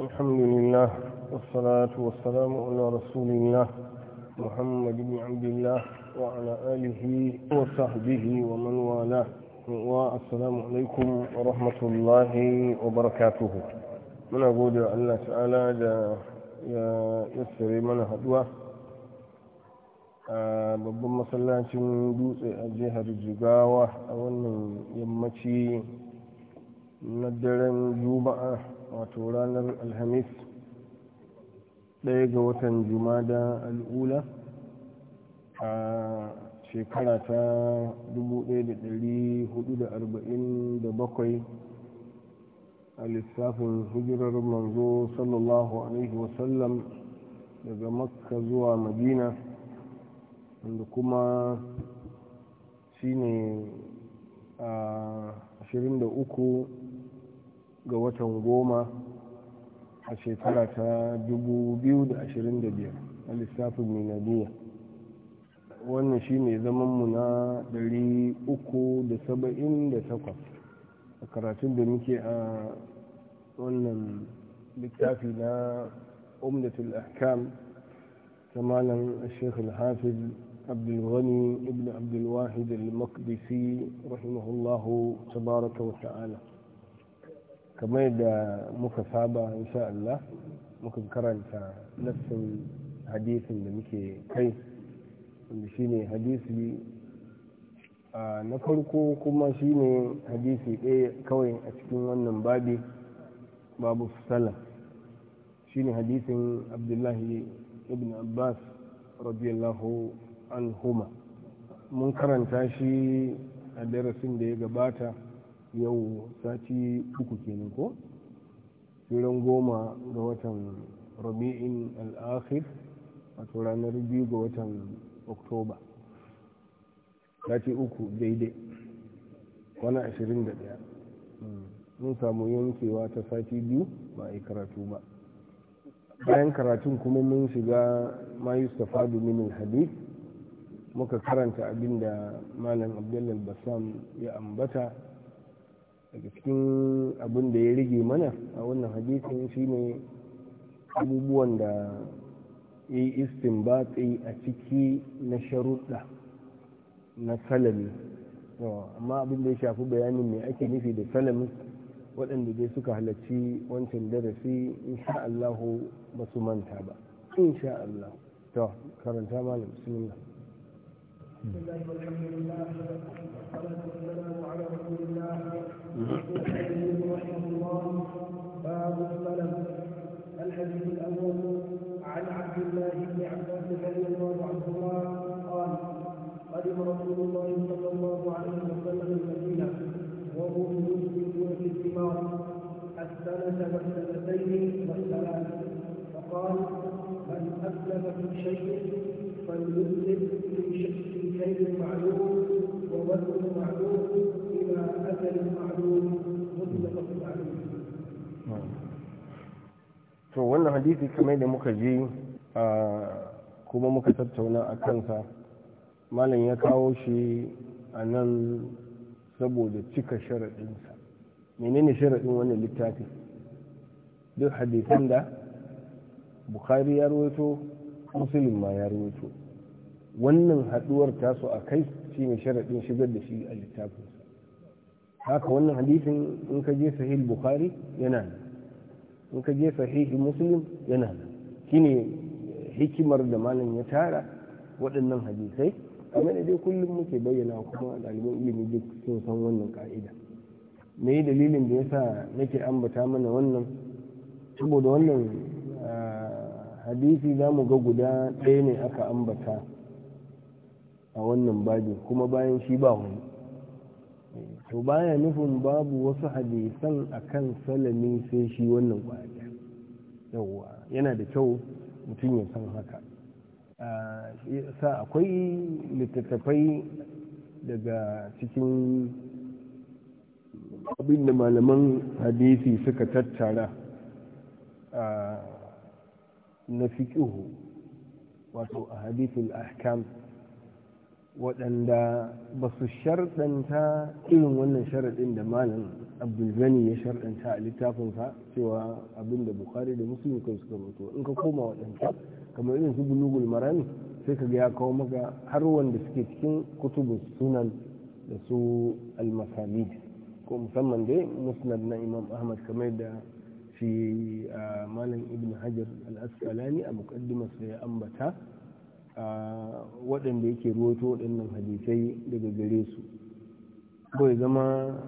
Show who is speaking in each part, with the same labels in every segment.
Speaker 1: الحمد لله والصلاة والسلام على رسول الله محمد بن عبد الله وعلى آله وصحبه ومن والاه والسلام عليكم ورحمة الله وبركاته من أقول الله تعالى يا يسري من هدوه a babban masallacin dutse a jihar jigawa a wannan yammaci na daren juma'a wato ranar alhamis ɗaya ga watan jumada al'ula a shekara ta 1447 a lissafin hijirar manzo sallallahu alaihi wasallam daga makka zuwa madina wanda kuma shine a 23 ga watan goma a shekara ta da da 2025 a lissafin miladiya wannan shi shine zamanmu na 378 a karatun da muke a wannan littafi na umdatul ahkam ta malam shekul hafiz عبد ibn ابن عبد الواحد المقدسي رحمه الله kamar da muka saba insha Allah muka karanta nassin hadisin da muke kai wanda shine hadisi na farko kuma shine hadisi ɗaya kawai a cikin wannan babi babu shi shine hadisin abdullahi ibn abbas radiyallahu anhuma mun karanta shi a darasin da ya gabata yau sati uku kenan ko tsiran goma ga watan rabi'in al'akhir a ranar biyu ga watan oktoba sati uku daidai wani ashirin da daya mun samu yankewa ta sati biyu ba a yi karatu ba bayan karatun kuma mun shiga ma yustafadu min hadith muka karanta abinda malam abdullal basam ya ambata daga cikin abin da ya rige mana a wannan hadisin shine abubuwan da ya yi istinbatsi a ciki na sharuɗa na salami amma abin da ya shafi bayanin mai ake nufi da salami waɗanda dai suka halarci wancan darasi insha Allahu ba su manta ba insha Allah to karanta malam bismillah بسم الله والحمد لله والصلاة والسلام على رسول الله رحمه الله باب السلام الحديث الأول عن عبد الله بن عباس رضي الله عنهما قال قدم رسول الله صلى الله عليه وسلم المدينة وهم يسلمون في الثمار السنة والسنتين والثلاث فقال من أسلم في شيء فليسلم في شيء بكيد معلوم ووزن معلوم إلى أجل معلوم مطلق عليه to wannan hadisi kamar da muka ji kuma muka tattauna a kansa malam ya kawo shi a nan saboda cika sharaɗinsa menene sharaɗin wannan littafi duk hadisan da Bukhari ya rawaito musulun ma ya rawaito wannan haduwar taso a kai shi ne sharaɗin shigar da shi a littafin haka wannan hadisin in ka je sahih bukhari yana nan in ka je sahih muslim yana nan shine hikimar da malam ya tara waɗannan hadisai kamar da dai kullum muke bayyana kuma ɗaliban ilimi duk sun san wannan ka'ida me dalilin da yasa nake ambata mana wannan saboda wannan ah, hadisi za mu ga guda ɗaya ne aka ambata a wannan babin kuma bayan shi ba wani to baya nufin babu wasu hadisan akan salami sai shi wannan kwaya yawwa yana da kyau mutum ya san haka sa akwai littattafai daga cikin abin da malaman hadisi suka tattara na fiƙihu wato a hadithul ahkam waɗanda ba su sharɗanta irin wannan sharaɗin da malam abdulgani ya sharɗanta a littafin littafinsa cewa abin da bukari da musulmi kai suka mutu in ka koma waɗanda. kamar irin su bulugul marami sai ka ya kawo maka har wanda suke cikin kutubun sunan da su almasalid ko musamman dai musnad na imam ahmad kamar da shi ah, malam ibn hajar al-asqalani a muqaddimarsa ya ambata waɗanda yake ruwato waɗannan hadisai daga gare su kawai zama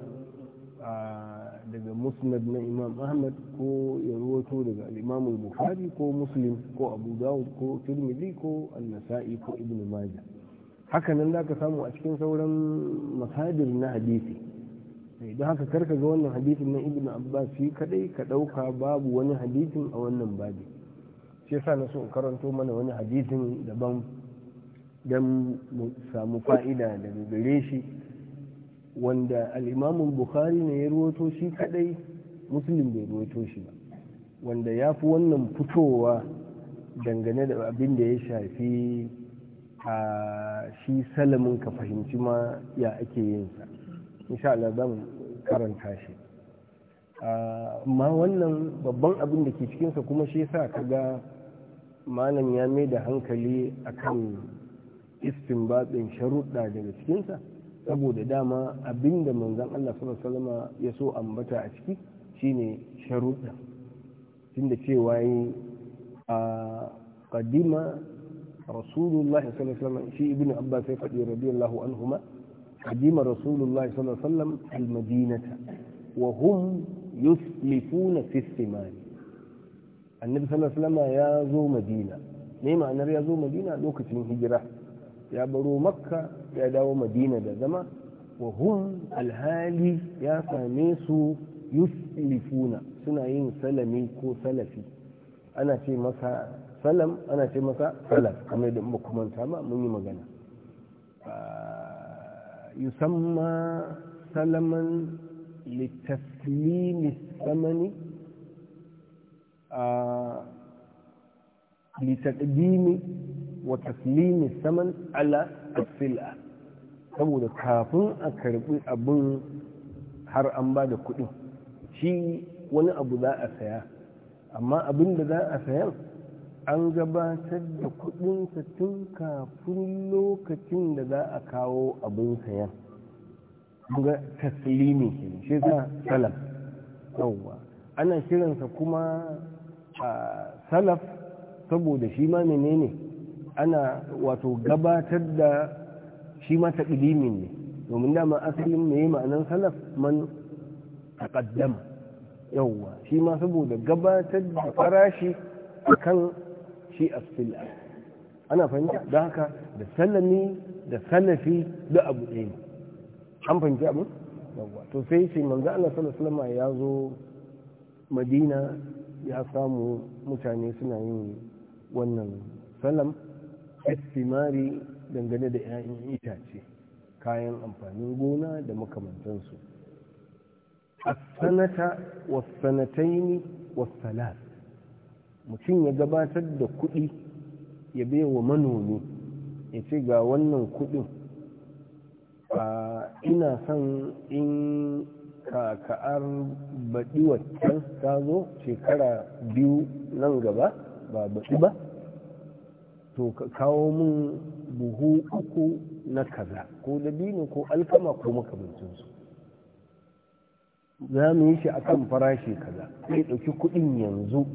Speaker 1: daga musnad na imam ahmad ko ya ruwato daga al'imamu bukhari ko muslim ko abu dawud ko turmidi ko annasa'i ko ibn maja hakanan za ka samu a cikin sauran masadir na hadisi idan eh, haka karka ga wannan hadisin na ibn abbas shi kadai ka ɗauka babu wani hadisin a wannan babi shi yasa na so in karanto mana wani hadisin daban don mu samu fa'ida daga gare shi wanda al'imamun bukhari ne ya ruwato shi kadai musulun bai ruwato shi ba wanda ya fi wannan fitowa dangane da abin da ya shafi a shi salamin ka fahimci ma ya ake yinsa insha Allah zan karanta shi amma wannan babban abin da ke cikinsa kuma shi sa ka ga malam ya mai da hankali akan batsin sharuɗa daga cikinsa saboda dama abin da manzan Allah salama ya so ambata a ciki shine sharuɗa tunda cewa yi a kadima rasulullahi salama shi ibn abbas ya faɗi radiyallahu anhuma kadima rasulullahi sallallahu alaihi al-madinata wa hum yuslifuna fi annabi sallallahu alaihi wasallam ya zo madina ne ma'anar ya zo madina lokacin hijira ya baro makka ya dawo madina da zama wa hum alhali ya same su yuslifuna suna yin salami ko salafi ana ce masa salam ana ce masa salaf kamar da muka manta ba mun yi magana ah, yusamma salaman لتسليم الثمن لتقديم وتسليم الثمن على السلعة saboda kafin a karɓi abin har an ba da kuɗin shi wani abu za a saya amma abin za a sayan an gabatar da kuɗinsa tun kafin lokacin da za a kawo abin sayan ga taslimi shi sa salaf yawwa ana kiransa kuma salaf saboda shi ma menene ana wato gabatar da shi ma taqdimin ne domin dama asalin me ma'anar salaf man taqaddama yawwa shi ma saboda gabatar da farashi akan shi as ana fahimta da haka da salami da salafi da abu ɗaya an fahimci abin yawwa to sai shi manzo Allah sallallahu alaihi ya zo Madina ya samu mutane suna yin wannan salam istimari dangane da 'ya'yan itace kayan amfanin gona da makamantansu as-sanata was-sanataini was-salat mutum ya gabatar da kuɗi ya bai wa manomi ya ce ga wannan kuɗin ina son in kaka'ar baɗi waccan ta zo shekara biyu nan gaba ba baɗi ba to ka kawo min buhu uku na kaza ko dabino ko alkama ko makamancinsu za mu yi shi a kan farashi kaza sai ɗauki kuɗin yanzu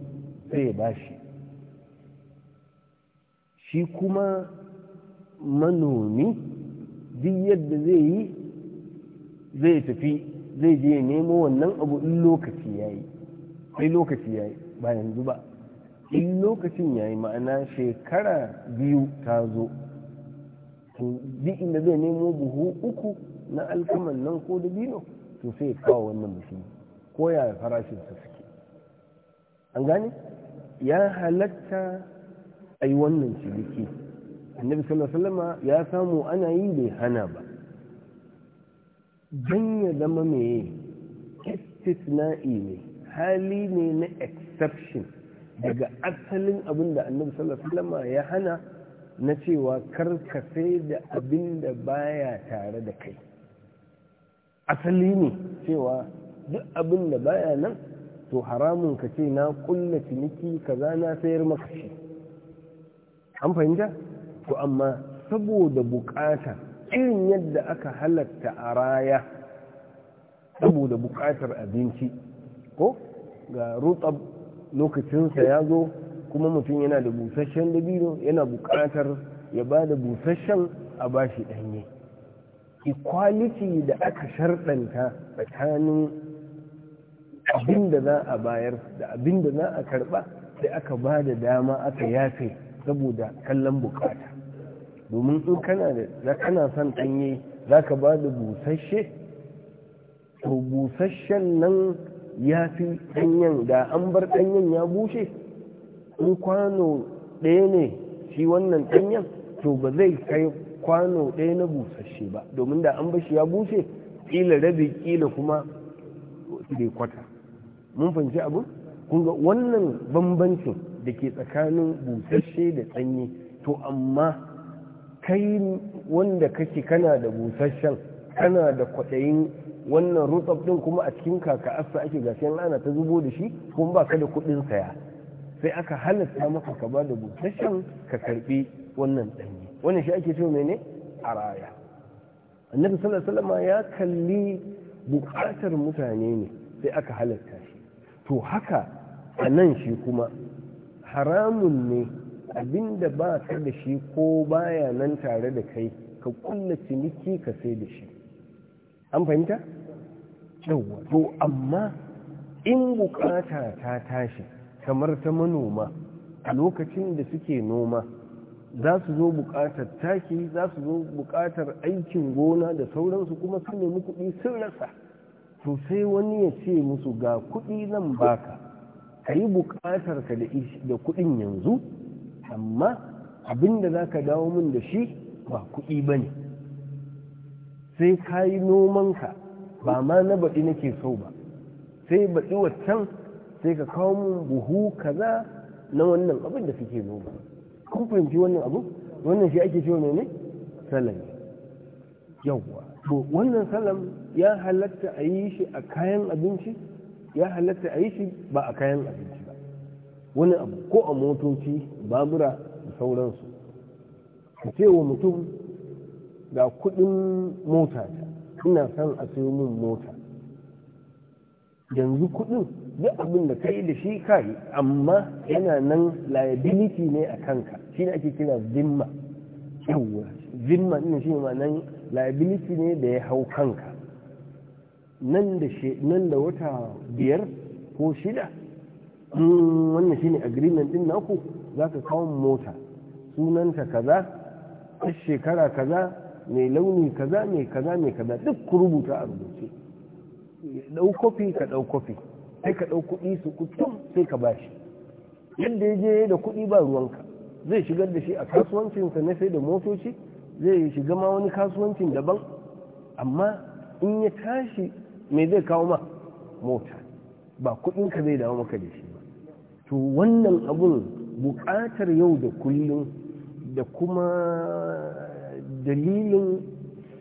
Speaker 1: sai ya bashi shi kuma manomi duk yadda zai yi zai tafi zai je nemo wannan abu in lokaci ya yi ai lokaci ya yi ba yanzu ba in lokacin ya yi ma'ana shekara biyu ta zo duk inda zai nemo buhu uku na alkaman nan ko da biyu to sai kawo wannan mutum ko ya farashinsa suke an gane ya halatta a yi wannan ciniki annabi sallallahu alaihi ya samu ana yi bai hana ba dan ya zama mai istisna'i ne hali ne na exception daga asalin abin da annabi sallallahu alaihi ya hana na cewa kar ka sai da abin da baya tare da kai asali ne cewa duk abin da baya nan to haramun ka ce na kulla ciniki kaza na sayar maka shi an fahimta to amma saboda bukata irin yadda aka halatta a raya saboda bukatar abinci ko ga rutsab lokacinsa ya zo kuma mutum yana da busasshen dabino yana bukatar ya ba da busasshen a bashi ɗanye equality da aka sharɗanta tsakanin abin da za a bayar da abin da za a karɓa sai aka ba da dama aka yafe saboda kallon bukata domin in kana da kana son ɗanye za ka ba da busasshe to busasshen nan ya fi ɗanyen da an bar ɗanyen ya bushe in kwano ɗaya ne shi wannan ɗanyen to ba zai kai kwano ɗaya na busasshe ba domin da an bashi ya bushe ƙila rabi ƙila kuma da kwata mun fahimci abu kunga wannan bambancin da ke tsakanin busasshe da tsanye to amma kai wanda kake kana da busasshen kana da kwaɗayin wannan rutsaf ɗin kuma a cikin kaka asa ake gashi ana ta zubo da shi kuma ba ka da kuɗin saya sai aka halatta maka ka ba da busasshen ka karɓi wannan ɗanye wannan shi ake cewa mene a raya annabi sallallahu alaihi ya kalli buƙatar mutane ne sai aka halatta shi to haka a nan shi kuma haramun ne abinda ba ka da shi ko baya nan tare da kai ka kulla ciniki ka sai da shi an fahimta? yawwa to amma in bukata ta tashi kamar ta manoma a lokacin da suke noma za su zo bukatar taki za su zo bukatar aikin gona da sauransu kuma sun nemi kuɗi sun rasa to sai wani ya ce musu ga kuɗi zan baka ka yi bukatar ka da kuɗin yanzu amma abin da za ka dawo min da shi ba kuɗi ba ne sai ka yi nomanka ba ma na baɗi nake so ba sai baɗi waccan sai ka kawo min buhu kaza na wannan abin da suke noma kun fahimci wannan abu wannan shi ake cewa ne salami yawwa to wannan salam ya halatta a yi shi a kayan abinci ya halatta a yi shi ba a kayan abinci wani abu ko a motoci babura da sauransu ka ce wa mutum ga kudin mota ta ina son a sayo min mota yanzu kudin duk abin da ka yi da shi ka yi amma yana nan liability ne a kanka shi ne ake kira zimma yawwa zimma ina shi ma nan liability ne da ya hau kanka nan da wata biyar ko shida in hmm, wannan shine agreement din naku ka kawo mota sunanta kaza a shekara kaza mai launi kaza mai kaza mai kaza duk ku rubuta a rubuce dau kofi ka dau kofi sai ka dau kuɗi su kutum sai ka bashi yadda ya je da kuɗi ba ruwanka zai shigar da shi a kasuwancinsa na sai da motoci zai shiga ma wani kasuwancin daban amma in ya tashi mai zai kawo ma mota ba kuɗinka zai dawo maka da shi to wannan abun buƙatar yau da kullum da kuma dalilin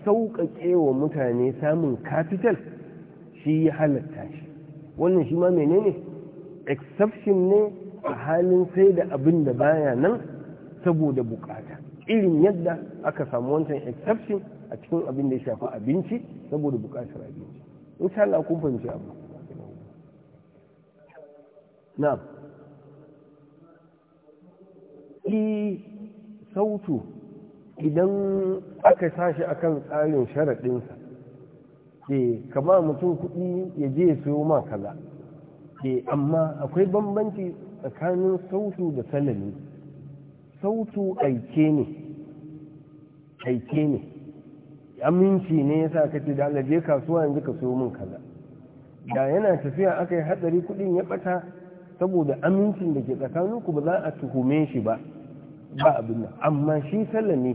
Speaker 1: sauƙaƙe wa mutane samun capital shi ya halatta shi wannan shi ma menene exception ne a halin sai da abin da baya nan saboda buƙata irin yadda aka samu wancan exception a cikin abin da ya shafi abinci saboda buƙatar abinci sha Allah kun fahimci abu na'am i sautu idan aka sashi akan tsarin sharaɗinsa ke eh, kama mutum kuɗi ya je ya siyo ma kaza ke eh, amma akwai bambanci tsakanin sautu da salami sautu aike ne aike ne aminci ne ya sa ka da Allah kasuwa yanzu ka siyo min kaza da yana tafiya aka yi hatsari kuɗin ya ɓata saboda amincin da ke tsakaninku ba za a tuhume shi ba ba abin nan amma shi sallame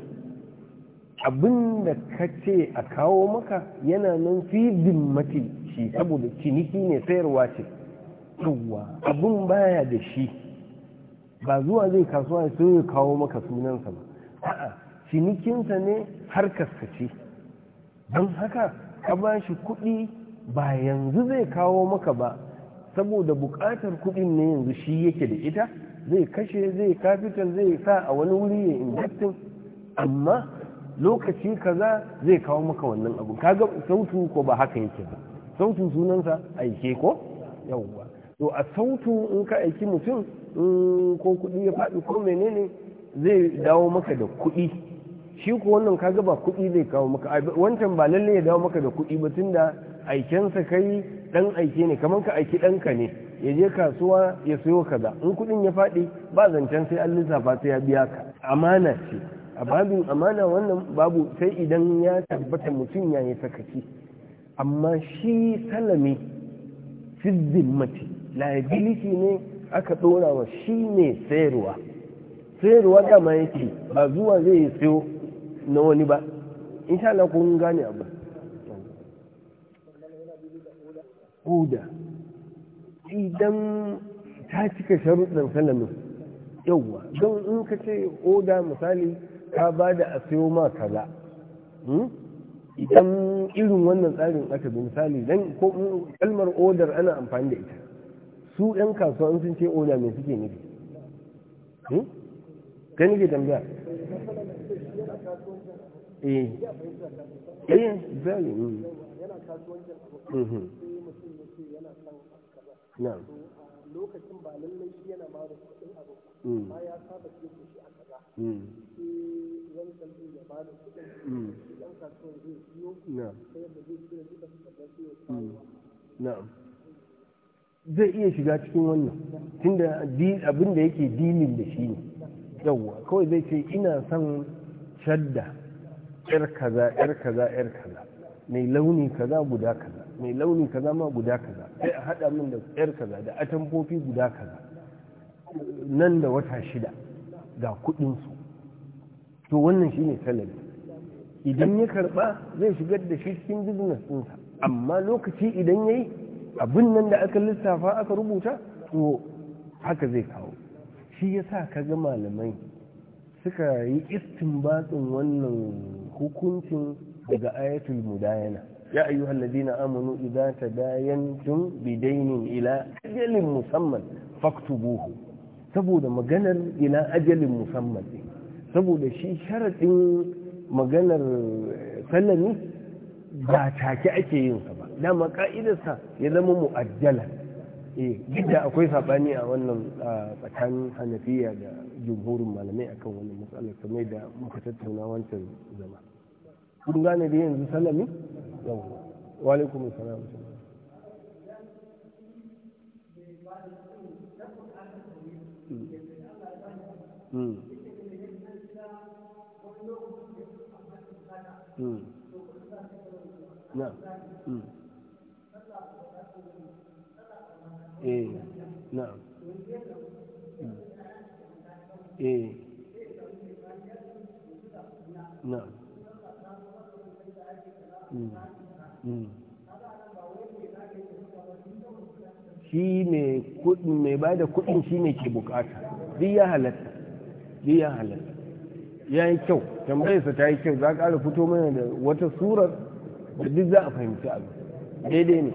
Speaker 1: abin da ka ce a kawo maka yana nan fi dimmati shi saboda ciniki ne sayarwa ce yawa abin baya da shi ba zuwa zai kasuwa sai ya kawo maka sunansa ba a'a cinikinsa ne har kaskace don haka ka ba shi kuɗi ba yanzu zai kawo maka ba saboda buƙatar kuɗin ne yanzu shi yake da ita zai kashe zai kafitan zai sa a wani wuri ya injectin amma lokaci kaza zai kawo maka wannan abu kaga sautu ko ba haka yake ba sautu sunansa aike ko yawwa to a sautu in ka aiki mutum ko kuɗi ya faɗi ko menene zai dawo maka da kuɗi shi ko wannan kaga ba kuɗi zai kawo maka wancan ba lalle ya dawo maka da kuɗi ba tunda aikensa kai dan aike ne kamar ka aiki ɗanka ne ya je kasuwa ya sayo kaza in kuɗin ya faɗi ba zancen sai an lissafa sai ya biya ka amana ce a amana wannan babu sai idan ya tabbata mutum ya yi sakaci amma shi salami fizzin mace liability ne aka ɗora wa shi ne sayarwa sayarwa dama yake ba zuwa zai yi sayo na wani ba insha Allah kun gane abu ƙuda idan ta cika sharuɗin salamin yauwa don in ka ce oda misali ka ba da a sayo ma kaza hmm? idan irin wannan tsarin aka bi misali don ko kalmar odar ana amfani da ita su ɗan kasuwa in sun ce oda mai suke nufi hmm? ka nufi tambaya eh eh zai Um, lokacin ba lallai yana mm. ma mm. mm. zai iya shiga cikin wannan tunda abin da yake dilin da shi ne yawwa kawai zai ce ina son shadda yar kaza yar kaza yar kaza mai launi kaza guda kaza mai launi kaza ma guda kaza sai a haɗa min da yar kaza da atamfofi guda kaza nan da wata shida ga kuɗinsu to wannan shi ne salari idan ya karɓa zai shigar da shi cikin business ɗinsa amma lokaci idan ya yi abin nan da aka lissafa aka rubuta to haka zai kawo shi ya sa ka ga malamai suka yi batsin wannan hukuncin daga ayatul mudayana ya ayyuhal ladina amanu idza tadayantum bidaynin ila ajalin musamman faktubuhu saboda maganar ila ajalin musamman saboda shi sharaɗin maganar sallami ba take ake yin sa ba dama ka'idarsa ya zama mu'ajjala eh Gida akwai saɓani a wannan tsakanin hanafiya da jumhurin malamai akan wannan matsalar kamar da muka tattauna wancan zama kun gane da yanzu salami yau wa alaikum salam Mm. Mm. Yeah. shi ne mai ba da kudin shi ne ke bukata ya halatta ya halatta ya yi kyau tambayarsa ta yi kyau za ka ƙara fito mana da wata surar da duk za a fahimci abu daidai ne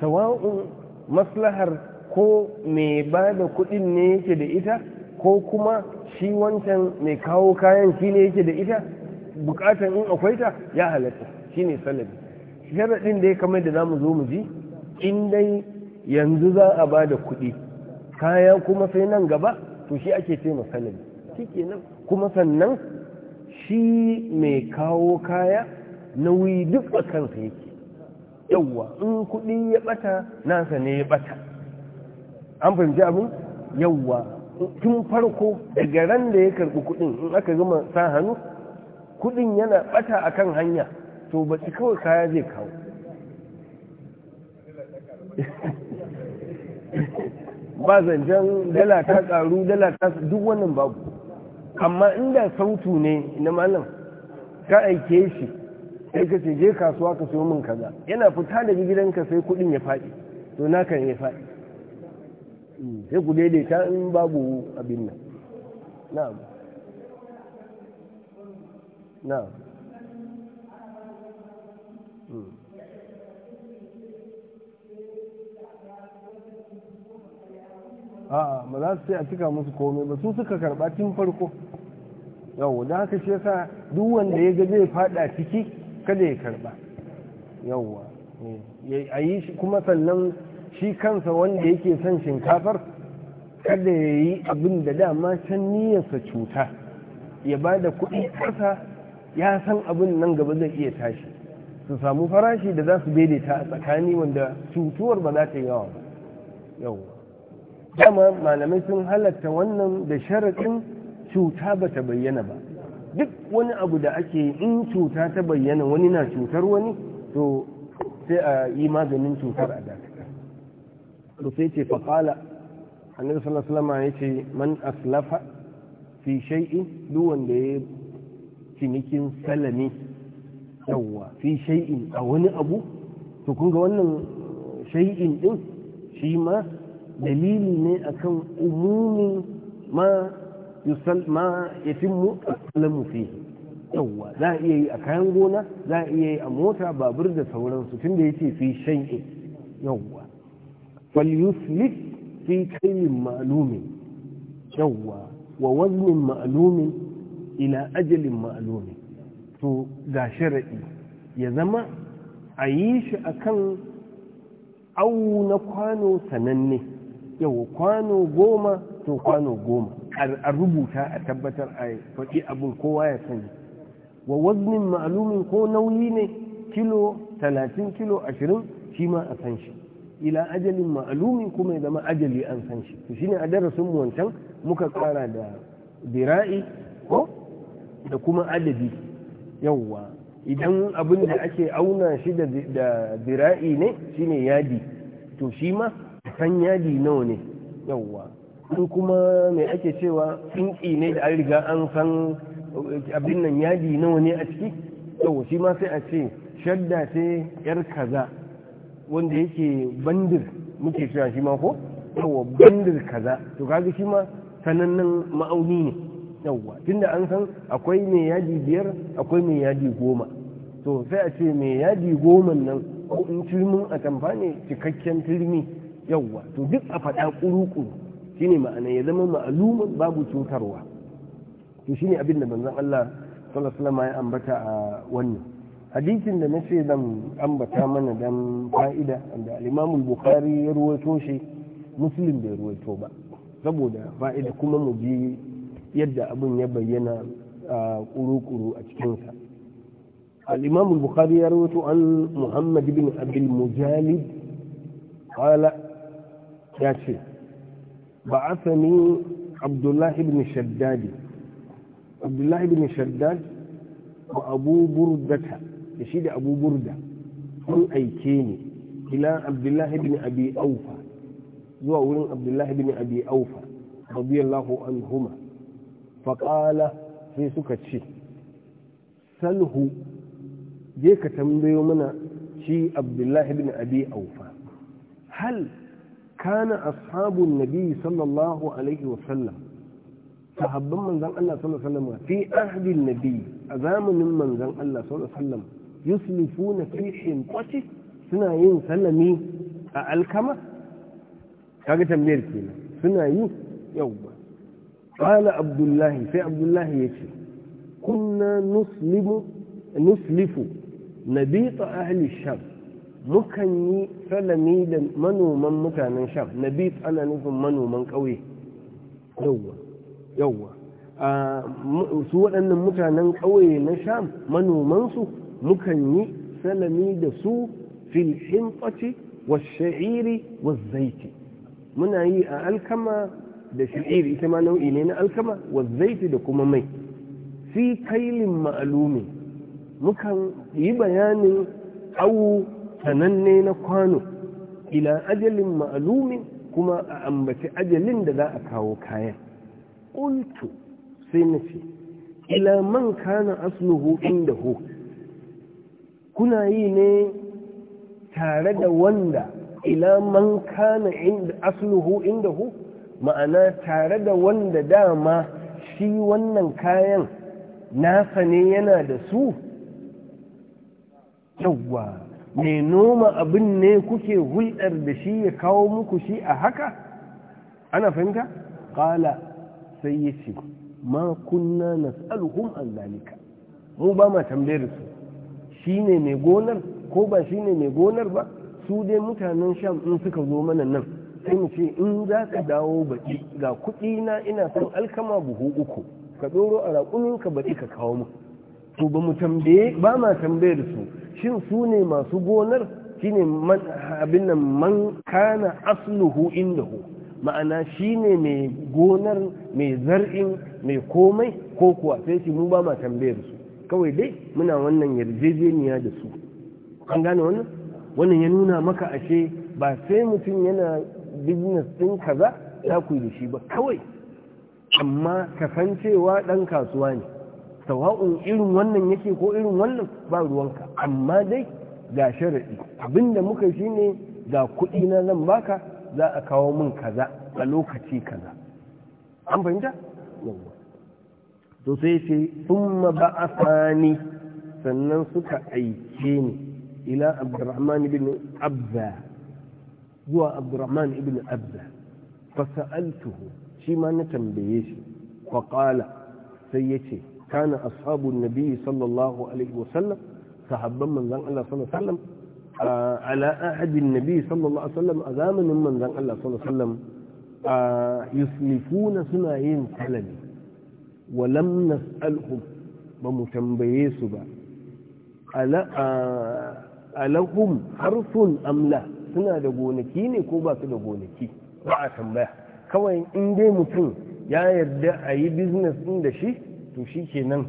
Speaker 1: sawa'un maslahar ko mai ba da kudin ne yake da ita ko kuma shi wancan mai kawo kayan shi ne yake da ita bukatan in akwai ta ya halatta shine salabi sharaɗin da ya kamar da zamu zo mu ji in dai yanzu za a ba da kuɗi kaya kuma sai nan gaba to shi ake ce masalami shi kuma sannan shi mai kawo kaya nauyi duk a kansa yake yawwa in kuɗi ya ɓata nasa ne ya ɓata an fahimci abin yawwa tun farko daga ran da ya karɓi kuɗin in aka gama sa hannu kuɗin yana ɓata a kan hanya to baki kawai kaya zai kawo ba zanjan dala ta karu dala ta duk wannan babu amma inda sautu ne na malam ka aike shi sai ka ce je kasuwa ka siyo min kaza yana fita daga gidanka sai kudin ya faɗi to kan ya faɗi sai ku daidaita in babu abin nan na'am na'am a'a ba za su sai a cika musu komai ba su suka karba tun farko yau don haka shi yasa duk wanda ya ga zai fada ciki kada ya karba Yawwa, eh, a yi kuma sannan shi kansa wanda yake son shinkafar kada ya yi abin da dama can niyarsa cuta ya ba da kuɗi ƙasa ya san abin nan gaba zai iya tashi su samu farashi da za su daidaita a tsakani wanda cutuwar ba za ta yawa ba Yawwa. dama malamai sun halatta wannan da sharaɗin cuta ba ta bayyana ba duk wani abu da ake in cuta ta bayyana wani na cutar wani to sai a yi maganin cutar a dakata to sai ce faƙala annabi sallallahu alaihi ya ce man aslafa fi shay'in duk wanda ya cinikin salami yawwa fi shay'in a wani abu to kun ga wannan shay'in ɗin shi ma dalili ne akan umumin ma yusal ma yatimmu kalamu fihi yawa za a iya yi a kayan gona za a iya yi a mota babur da sauransu tunda yace fi shay'in yawwa wal yuslif fi kaylin ma'lumin Yawa wa waznin ma'lumin ila ajalin ma'lumin to ga sharadi ya zama a yi shi akan awu na kwano sananne yau kwano goma to kwano goma a rubuta a tabbatar a faɗi abin kowa ya sani wa waznin ma'alumin ko nauyi ne kilo talatin kilo ashirin shi ma a san shi ila ajalin ma'alumin kuma ya zama ajali an san shi to shine a darasin mu wancan muka kara da birai ko da kuma adadi yawwa idan abin da ake auna shi da birai ne shine yadi to shi ma san yadi nawa ne yawwa in kuma mai ake cewa tsinki ne da an an san eh, abin nan yadi nawa ne a ciki yawwa shi ma sai a ce shadda ce yar kaza wanda yake bandir muke cewa shi ma ko yawwa bandir kaza to kaga shi ma sanannen ma'auni ne yawwa tunda an san akwai mai yadi biyar akwai mai yadi goma to sai a ce mai yadi goma nan ko in turmin a tamfa cikakken turmi yawwa to duk a faɗa ƙuruƙuru shine ma'ana ya zama ma'alumin babu cutarwa to shine abin da manzon Allah sallallahu alaihi ya ambata a wannan hadisin da na nace zan ambata mana dan fa'ida da al-Imam bukhari ya ruwaito shi Muslim bai ruwaito ba saboda fa'ida kuma mu ji yadda abin ya bayyana a ƙuruƙuru a cikinsa al-Imam bukhari ya ruwaito an Muhammad ibn Abdul Mujalid قال ya ce ba a sami abdullahi ibn shaddadi abdullahi ibn shaddad ba abu burdata da shi da abu burda sun aike ne ila abdullahi ibn abi aufa zuwa wurin abdullahi ibn abi aufa radiyallahu anhuma faƙala sai suka ce salhu je ka tambayo mana shi abdullahi ibn abi aufa hal kana ashabun nabi sallallahu alaihi wasallam sahabban manzan Allah sallallahu alaihi wasallam fi ahdin nabi a zamanin manzan Allah sallallahu alaihi wasallam yuslifuna fi himqati suna yin salami a alkama kaga tambayar kenan suna yi yawwa qala abdullahi sai abdullahi yace kunna nuslimu nuslifu ta ahli sham mukan yi salami da manoman mutanen sham bi ana nufin manoman ƙauye yawwa yawwa su waɗannan mutanen ƙauye na sham manomansu mukan yi salami da su fil himfaci wa sha'iri wa zaiti muna yi a alkama da sha'iri ita ma nau'i ne na alkama wa zaiti da kuma mai fi kailin ma'alumi mukan yi bayanin awu sananne na kwano ila ajalin ma'alumin kuma a ambaci ajalin da za a kawo kayan ƙuntu sai na ce ila man kana asluhu inda ho kuna yi ne tare da wanda ila man kana asluhu inda ho ma'ana tare da wanda dama shi wannan kayan nasa ne yana da su yawwa mai noma abin ne kuke hulɗar da shi ya kawo muku shi a haka ana fahimta ƙala sai ya ce ma kunna na tsalhun an zalika mu ba ma tambayar su shi ne mai gonar ko ba shi ne mai gonar ba su dai mutanen sham in suka zo mana nan sai mu ce in za ka dawo baki ga kuɗi na ina son alkama buhu uku ka tsoro a ka baƙi ka kawo mu to ba mu tambaye ba ma tambayar su shin su ne masu gonar shi ne abin nan man kana asluhu indahu ma'ana shi ne mai gonar mai zar'in mai komai ko kuwa sai shi mu ba ma tambayar su kawai dai muna wannan yarjejeniya da su an gane wannan wannan ya nuna maka ashe ba sai mutum yana business din kaza Ya ku yi da shi ba kawai amma kasancewa ɗan kasuwa ne sawa'un irin wannan yake ko irin wannan ba ruwanka amma dai ga sharaɗi abinda muka shi ne ga kuɗi na zan baka za a kawo min kaza a lokaci kaza an fahimta yawwa to sai ce sun sani sannan suka aike ni ila abdurrahman ibn abza zuwa abdurrahman ibn abza fasa'altuhu shi ma na tambaye shi kwakwala sai ya ce kana ashabun nabi sallallahu alaihi wasallam sahabban manzan sallallahu alaihi wasallam ala ahadin nabi sallallahu alaihi wasallam a zamanin manzan sallallahu alaihi wasallam yuslifuna suna yin salami wa lam nas'alhum ba tambaye su ba alahum harsun amla suna da gonaki ne ko ba su da gonaki ba a tambaya kawai in dai mutum ya yarda a yi business ɗin da shi to shi nan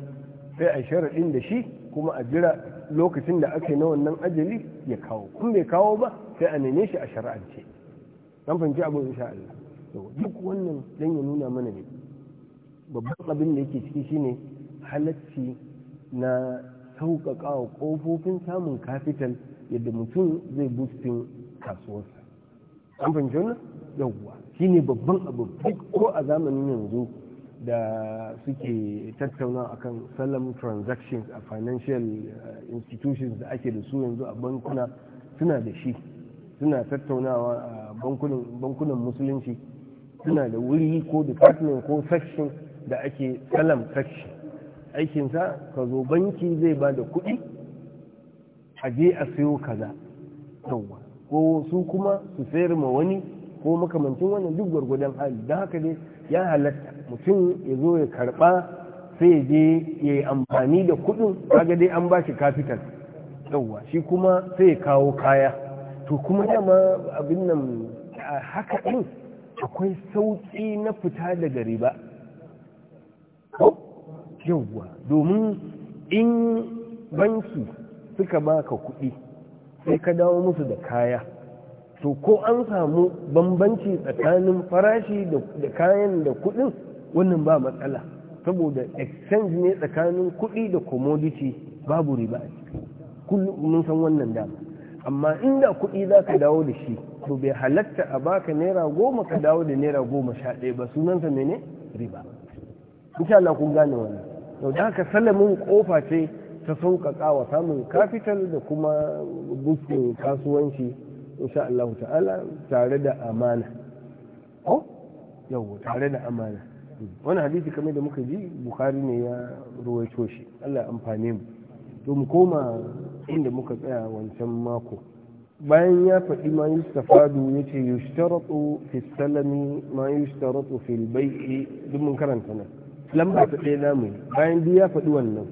Speaker 1: sai a sharaɗin da shi kuma a jira lokacin da aka yi na wannan ajali ya kawo kun bai kawo ba sai a nene shi a shari'ance an fahimci abu insha Allah duk wannan dan ya nuna mana ne babban abin da yake ciki shine halacci na sauƙaƙa ƙofofin samun kafital yadda mutum zai boostin kasuwarsa an fahimci wannan yawwa shine babban abu duk ko a zamanin yanzu da suke tattauna kan salam transactions a financial eh, institutions da ake da su yanzu a bankuna suna da shi suna tattaunawa a bankunan musulunci suna da wuri ko department ko section da ake salam section aikinsa ka zo banki zai ba da kuɗi a je a sayo kaza yawwa ko su kuma su sayar ma wani ko makamancin wannan duk gwargwadon hali don haka dai ya halatta mutum ya zo ya karɓa sai ya je ya yi amfani da kudin kaga dai an ba shi kafital yauwa shi kuma sai ya kawo kaya to kuma dama abin nan haka ɗin akwai sauƙi na fita daga riba yauwa domin in banki suka baka kuɗi sai ka dawo musu da kaya to ko an samu bambanci tsakanin farashi da kayan da kuɗin wannan ba matsala saboda exchange ne tsakanin kuɗi da commodity babu riba a ciki mun san wannan dama amma inda kuɗi za ka dawo da shi to bai halatta a baka naira goma ka dawo da naira goma sha ɗaya ba sunansa mene riba insha Allah kun gane wannan to da haka salamin kofa ce ta sauƙaƙa wa samun capital da kuma bukin kasuwanci insha Allah ta'ala tare da amana oh? yau tare da amana wani hadisi kamar da muka ji buhari ne ya ruwaito shi Allah amfane mu to mu koma inda muka tsaya wancan mako bayan ya faɗi ma yustafadu ya ce yushtaratu fi salami ma yushtaratu fi bai'i duk mun karanta nan lamba ta ɗaya zamu bayan duk ya faɗi wannan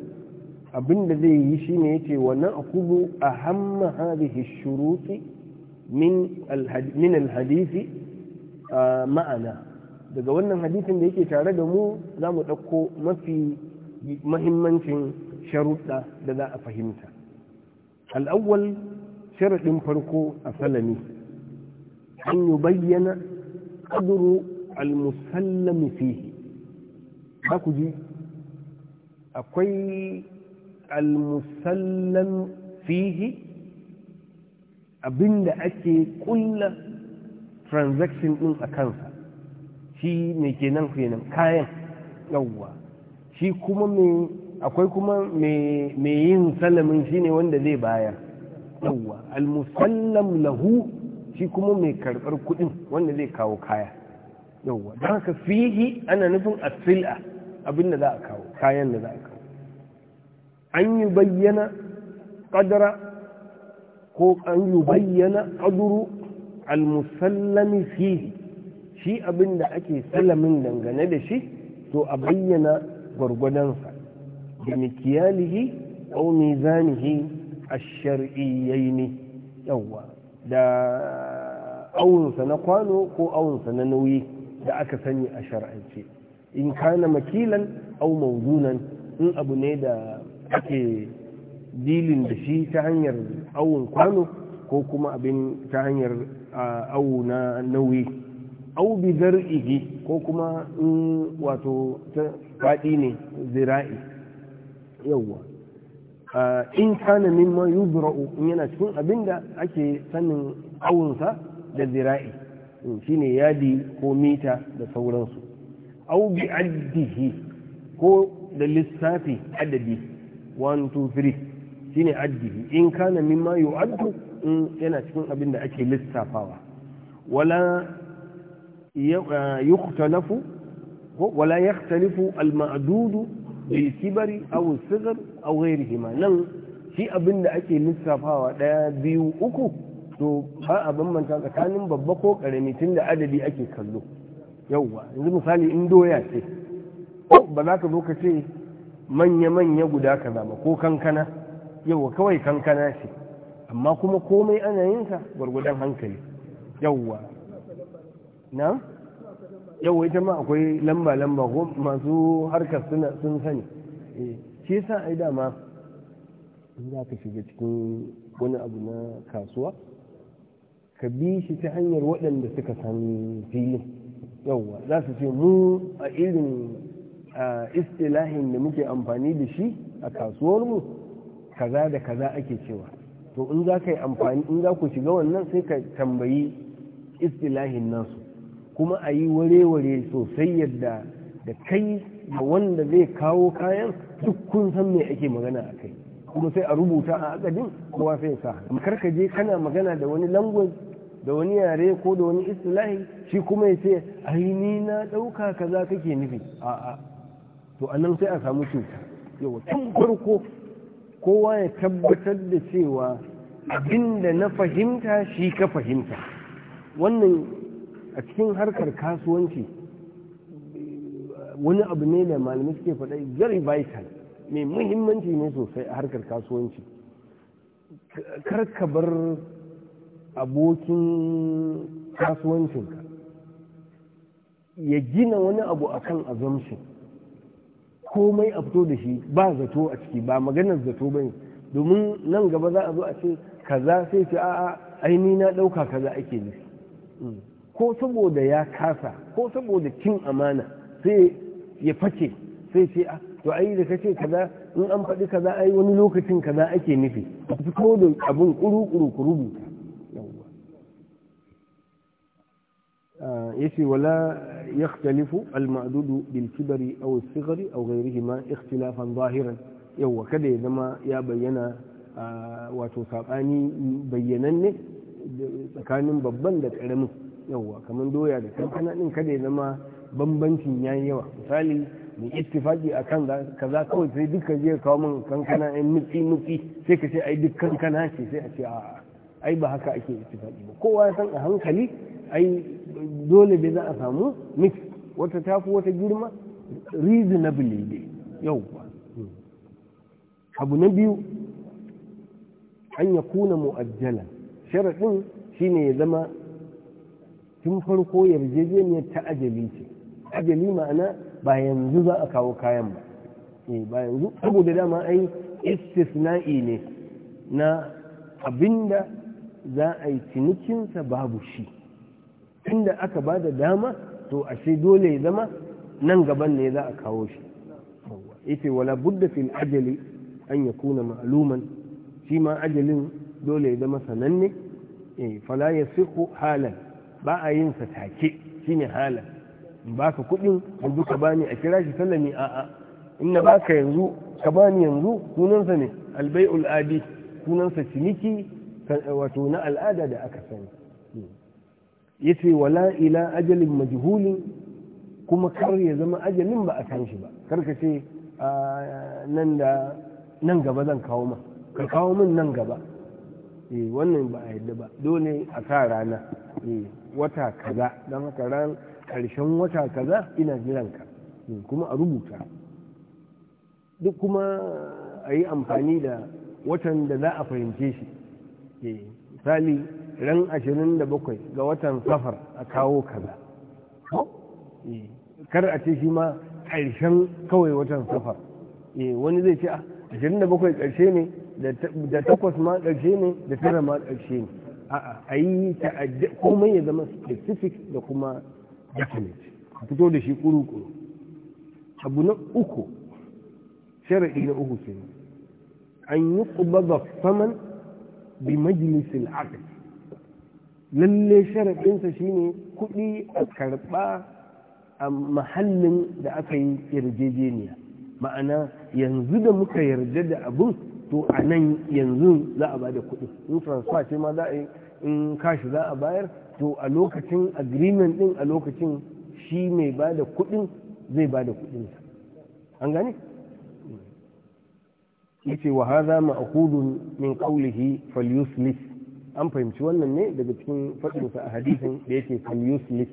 Speaker 1: abin da zai yi shine yace wa akubu a hamma ash-shuruti min al ma'ana daga wannan hadisin da yake tare da mu za mu ɗauko mafi mahimmancin sharuɗa da za a fahimta al'awwal sharaɗin farko a salami an yi bayyana ƙaduru al-musallami fihi ba ku ji akwai al-musallam fihi abinda ake ƙulla transaction ɗin a kansa shi kenan kenan kayan yawwa shi kuma mai akwai kuma mai yin salamin shi ne wanda zai bayar yawwa almusallam lahu shi kuma mai karɓar kuɗin wanda zai kawo kaya yawwa don haka fihi ana nufin fil'a abin da za a kawo kayan da za a kawo an yi bayyana ƙadara ko an yi bayyana ƙaduru almusallami fihi shi abin da ake salamin dangane da shi to a bayyana gwargwadonsa da mikiyalihi au mizanihi a shari'ai ne yawa da awunsa na kwano ko awunsa na nauyi da aka sani a shar'ance in kana makilan au mawdunan in abu ne da ake dilin da shi ta hanyar awun kwano ko kuma abin ta hanyar awu na nauyi au bi zar'ihi ko kuma in wato faɗi ne zira'i yawwa in kana mimma yuzra'u in yana cikin abinda ake sanin awunsa da zira'i mm, shine yadi ko mita da sauransu au bi addihi ko da lissafi adadi 1 2 3 shine addihi in kana mimma yu'addu in yana cikin abinda ake lissafawa wala يختلف ولا يختلف المعدود بالكبر أو الصغر أو غيرهما نن shi abinda da ake lissafawa ɗaya biyu uku to ba a bambanta tsakanin babba ko ƙarami tun da adadi ake kallo yauwa yanzu misali in doya ce ba za ka zo ka ce manya-manya guda kaza ba ko kankana yawwa kawai kankana ce amma kuma komai ana yin sa gwargwadon hankali yawwa. na yau ita ma akwai lamba lamba ko masu harkar sun sani eh, sa a ai dama in za ka shiga cikin wani abu na kasuwa ka bi shi ta hanyar waɗanda suka san filin yauwa za su ce mu a irin istilahin da muke amfani da shi a kasuwarmu kaza da kaza ake cewa to in za ka yi amfani in za ku shiga wannan sai ka tambayi istilahin nasu kuma a yi ware-ware sosai yadda da kai da wanda zai kawo kayan duk kun san me ake magana a kai kuma sai a rubuta a akadin kowa sai sa kar ka je kana magana da wani language da wani yare ko da wani istilahi shi kuma ya ce ni na ɗauka kaza kake nufi a'a to anan sai a samu cuta Yau tun farko kowa ya tabbatar da cewa abinda na fahimta shi ka fahimta wannan a cikin harkar kasuwanci wani abu ne da malamai suke faɗa very vital mai muhimmanci ne sosai a harkar kasuwanci ka bar abokin kasuwancinka ya gina wani abu a kan azamshin komai a fito da shi ba zato a ciki ba maganar zato bane domin nan gaba za a zo a ce kaza sai ce a'a aini na ɗauka kaza ake nufi hmm. ko saboda ya kasa ko saboda cin amana sai ya face sai ce a ah, to ai da kace kaza in an faɗi kaza ai wani lokacin kaza ake nufi fito da abin kuru-kuru kuru Ya ah, yace wala yakhtalifu al-ma'dudu bil kibri aw as-sighri aw ghayrihima ikhtilafan zahiran yawa kada ya zama ya bayyana ah, wato sabani bayyananne tsakanin babban da karamin yawwa kamar doya da kankana ɗin kada ya zama bambancin yayi yawa misali mu ittifaki akan kaza kawai sai duka je kawo min kankana in mutsi mutsi sai ka ce ai duk kankana ce sai a ce a ai ba haka ake ittifaki ba kowa ya san a hankali ai dole bai za a samu mix wata tafi wata girma reasonably dai yawa abu na biyu an ya kuna mu'ajjala sharaɗin shine ya zama tun farko yarjejeniyar ta ajali ce ajali ma'ana ba yanzu za a kawo kayan ba eh, ba yanzu saboda dama ai istisna'i ne na abinda za a yi cinikinsa babu shi Inda aka ba da dama to ashe dole ya zama nan gaban ne za a kawo shi ita wala budda fil ajali an ya kuna ma'aluman shi ma ajalin dole ya zama sananne eh, fala ya siku ba a yin sa take shine hala in baka kuɗin yanzu ka bani a kira shi sallami a'a in na baka yanzu ka bani yanzu sunansa ne albai ul'adi sunansa ciniki wato na al'ada da aka sani Ya ce wala ila ajalin majihuli kuma kar ya zama ajalin ba a san shi ba kar ka ce nan da nan gaba zan kawo ma ka kawo min nan gaba eh, wannan ba a yadda ba dole a sa rana eh. wata kaza don haka ran karshen wata kaza ina jiranka mm, kuma a rubuta duk kuma a yi amfani da watan da za a fahimce shi eh, misali ran 27 ga watan safar a kawo kaza eh, kar a ce shi ma karshen kawai watan safar eh, wani zai ce ah, a 27 ƙarshe ne da takwas ma ƙarshe ne da tara ma ƙarshe ne a'a a yi ta'addi komai ya zama specific da kuma definite a fito da shi kuru-kuru abu na uku shara'i na uku ke an yi ƙubaba saman bi majalisil aql lalle sharaɗinsa shine kuɗi a karɓa a mahallin da aka yi yarjejeniya ma'ana yanzu da muka yarda da abun to a nan yanzu za a bada kuɗi in transfer ce ma za a yi in kashi za a bayar to a lokacin agreement din a lokacin shi mai bada kuɗi zai bada kuɗinsa an gane yace wa hadha ma'khudun min qawlihi falyuslis an fahimci wannan ne daga cikin fadin sa a hadisin da yake falyuslis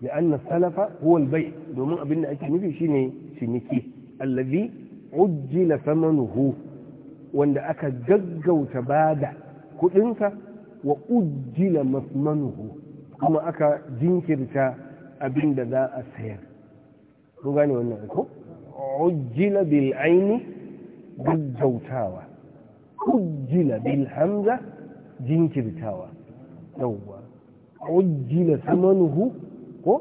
Speaker 1: da anna salafa huwa al domin abin da ake nufi shine ciniki allazi ujjila nuhu. wanda aka gaggauta bada kuɗinsa wa ujjila masmanuhu kuma aka jinkirta abin da za a sayar ko gane wannan ko ujjila bil aini gaggautawa ujjila bil hamza jinkirtawa yawwa ujjila samanuhu ko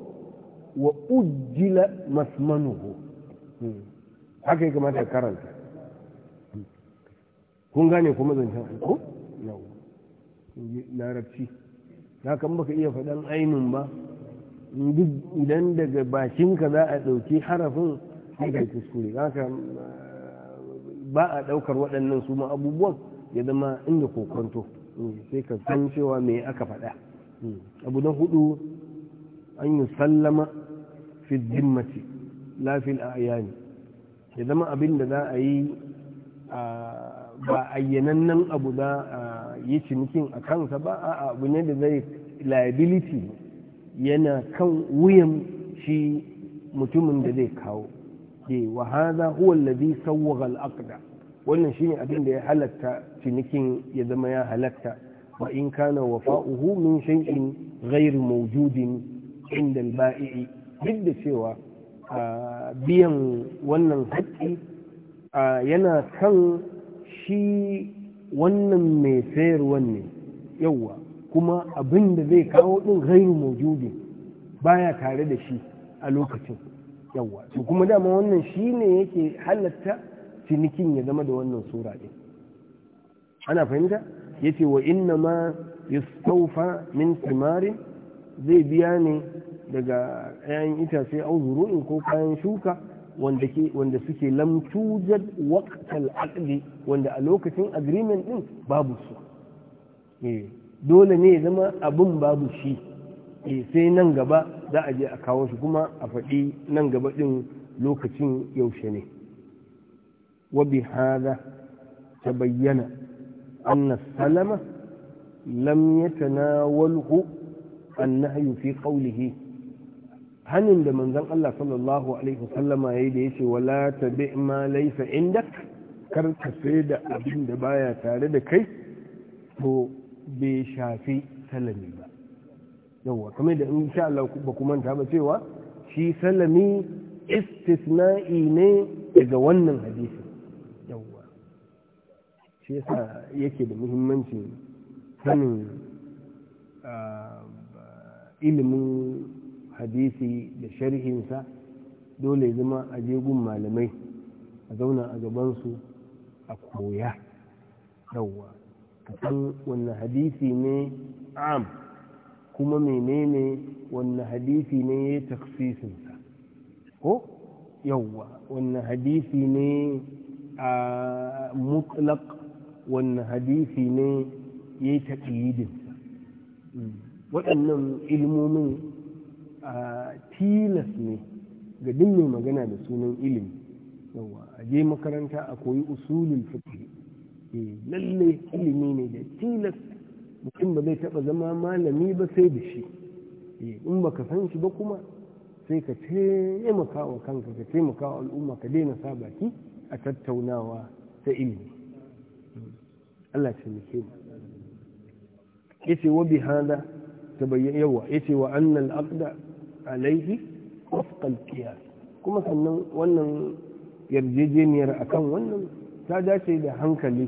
Speaker 1: wa ujjila masmanuhu hmm. haka ya kamata karanta kun gane kuma zancen ko yau larabci na kan baka iya faɗan ainun ba duk idan daga bakinka za a ɗauki harafin hakan kuskure haka eh, ba a ɗaukar waɗannan su ma abubuwan ya zama inda kokonto eh, sai ka san cewa me aka faɗa hmm. abu na hudu an yi sallama fi dimmati lafil ayani ya zama abin da za a yi a ba ayyanannen abu za a yi cinikin a kansa ba a abu ne da zai liability yana kan wuyan shi mutumin da zai kawo ke wa haza huwa allazi sawwaga al-aqda wannan shine abin da ya halatta cinikin ya zama ya halatta wa in kana wafa'uhu min shay'in ghayr mawjudin inda al-ba'i duk da cewa biyan wannan haƙƙi yana kan shi wannan mai sayarwan ne yauwa kuma abin da zai kawo ɗin gairu maujudi baya tare da shi a lokacin yauwa to kuma dama wannan shi ne yake halatta cinikin ya zama da wannan sura ɗin ana fahimta ya ce wa inna ma saufa min simarin zai biya ne daga 'ya'yan itace auzuru'in ko kayan shuka wanda ke wanda suke lam tujad waqtal aqdi wanda a lokacin agreement din babu su eh dole ne zama abun babu shi eh sai nan gaba za a je a kawo shi kuma a faɗi nan gaba din lokacin yaushe ne wa bi hada tabayyana anna salama lam yatanawalhu annahu fi qawlihi hanin da manzon Allah sallallahu alaihi ya yayi da yace wala ta bi ma laisa inda kar ka sai da abin da baya tare da kai to bai shafi salami ba yawwa kuma da insha Allah ba kuma manta ba cewa shi salami istisna'i ne daga wannan hadisi yawwa shi yasa yake da muhimmanci sanin ah, ilimin hadisi da sharhinsa dole zama a jegun malamai a zauna a gabansu a koya yawwa ka wanne hadisi ne am kuma menene wanne hadisi ne ya taksisinsa ko yawwa wanne hadisi ne a mutlaq wanne hadisi ne ya yi hmm. waɗannan ilmomin A tilas ne ga duk mai magana da sunan ilimi yawa a je makaranta a koyi usulul fiqh eh, lalle ilimi ne da tilas mutum ba zai taba zama malami ba sai da shi eh, in baka san shi ba kuma sai ka taimaka wa kanka ka taimaka wa al'umma ka daina sa baki a tattaunawa ta ilimi Allah ce muke yace wa bi hada yawa yace wa annal aqda alaihi wafqal qiyas kuma sannan wannan yarjejeniyar akan wannan ta dace da hankali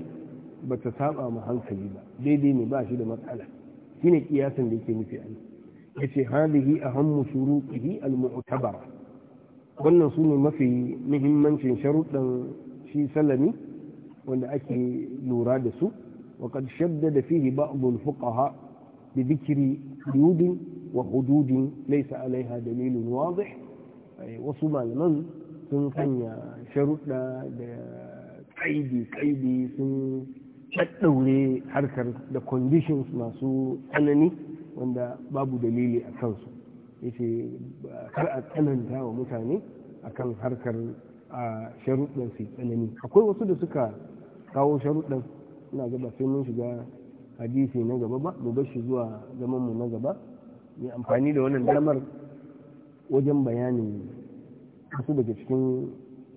Speaker 1: ba ta saba ma hankali ba daidai ne ba shi da matsala shine kiyasin da yake nufi a an yace hadhihi ahammu shuruqihi almu'tabara wannan sune mafi muhimmancin sharuɗan shi salami wanda ake lura da su وقد شدد فيه بعض الفقهاء بذكر قيود وحدود ليس عليها دليل واضح wasu malaman sun sanya sharuɗa da kaidi sun ɗaɗɗaure harkar da conditions masu tsanani wanda babu dalili a kansu yace kar a tsananta wa mutane akan harkar a sharuɗan tsanani akwai wasu da suka kawo sharuɗan suna gaba sai mun shiga hadisi na gaba ba mu bashi zuwa zaman mu na gaba mai amfani da wannan damar wajen bayanin wasu daga cikin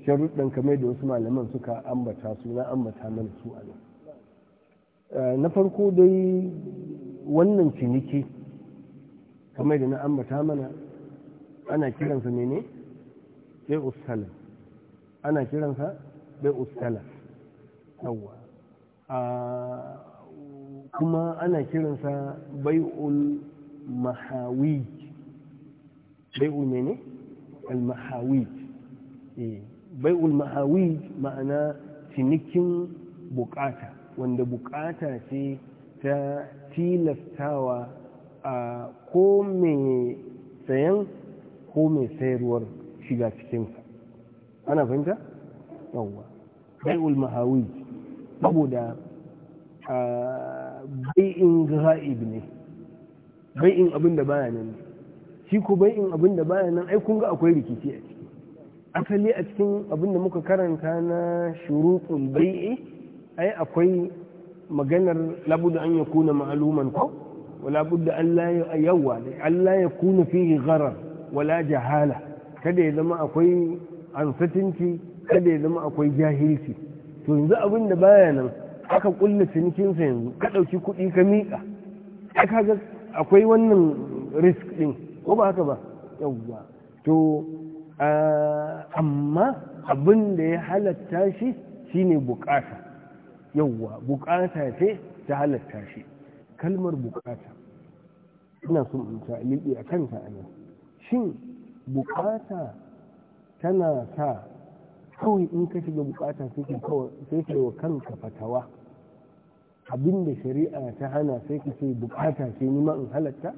Speaker 1: sharuɗan kamar da wasu malaman suka ambata su na ambata mana su a nan eh, na farko dai wannan ciniki kamar da na ambata mana ana kiransa ne bai ustala ana kiransa bai ustala yawwa ah, kuma ana kiransa bai'ul mahawi bai'ul ne al-mahawi eh, bai'ul mahawi ma'ana cinikin bukata wanda bukata ce ta tilastawa a ko mai sayan ko mai sayarwar shiga cikinsa ana fahimta? yawwa bai'ul mahawi saboda ah, bai'in ga'ib ne bai'in abin da baya nan shi ko bai'in abin da baya nan ai kun ga akwai rikici a ciki asali a cikin abin da muka karanta na shurutun bai'i ai akwai maganar labuda an ya kuna ma'aluman ko wala budda an la yawa an la yakuna fihi gharar wala jahala kada ya zama akwai ansatinci kada ya zama akwai jahilci to yanzu abin da baya nan aka kulle cinikinsa yanzu ka ɗauki kuɗi ka miƙa ai ga akwai wannan risk ɗin ko ba haka ba yawwa to amma abin da ya halatta shi shine bukata yawwa bukata ce ta halatta shi kalmar bukata ina son in ta'aliki a kanta a shin bukata tana sa kawai in ka shiga bukata sai ke wa kanka fatawa abin da shari'a ta hana sai ka ce bukata ce ni in halatta